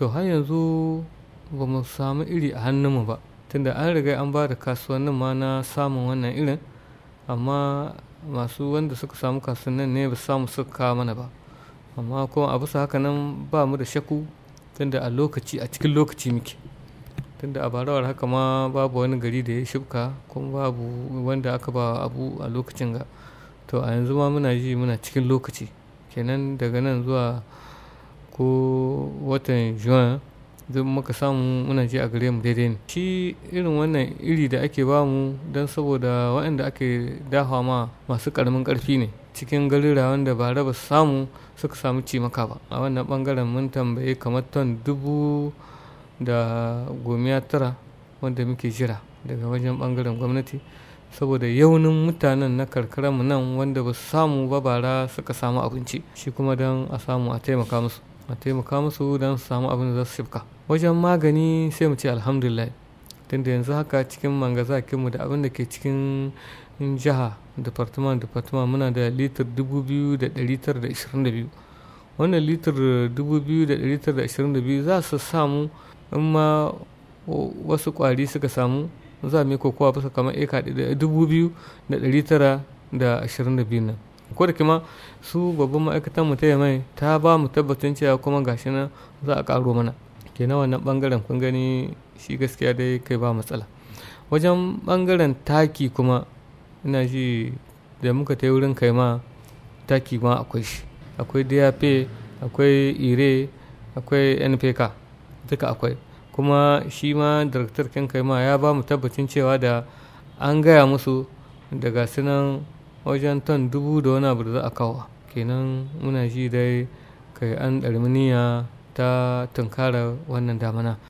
to har yanzu ba mu samu iri a hannunmu ba tunda an riga an ba da kasuwannin ma na samun wannan irin amma masu wanda suka samu kasuwannin ne ba samu suka kawo mana ba amma kuma a bisa haka nan ba mu da shaku tunda a lokaci a cikin lokaci muke tunda a barawar haka ma babu wani gari da ya shibka kuma babu wanda aka ba abu a lokacin ga to a yanzu ma muna ji muna cikin lokaci kenan daga nan zuwa ko watan juan duk muka samu muna ji a gare mu daidai ne shi irin wannan iri da ake mu don saboda waɗanda ake dafa ma masu ƙaramin ƙarfi ne cikin garira wanda ba raba samu suka samu cimaka ba a wannan ɓangaren mun tambaye kamar ton dubu da gomiya tara wanda muke jira daga wajen ɓangaren gwamnati saboda yaunin mutanen na karkarar mu nan wanda ba su samu ba bara suka samu abinci shi kuma don a samu a taimaka musu a taimaka musu don su samu abin da za su shifka wajen magani sai mu ce alhamdulillah tunda yanzu haka cikin mangazakinmu da abin da ke cikin jiha department department muna da litir 2,922 wannan litir 2,922 za su samu in ma wasu kwari suka samu za mu yi kokowa bisa kamar eka 2,922 nan ko da su babban ma'aikatan mu taya mai ta ba mu tabbacin cewa kuma gashi nan za a karo mana na wannan bangaren kun gani shi gaskiya dai kai ba matsala wajen bangaren taki kuma ina ji da muka ta wurin kai ma taki ma akwai shi akwai dap akwai ire akwai npk duka akwai kuma shi ma daraktar kin kai ma ya ba mu tabbacin cewa da an gaya musu daga sunan wajen ton dubu da wani abu da za a kawo kenan muna shi dai kai an niyya ta tunkara wannan damana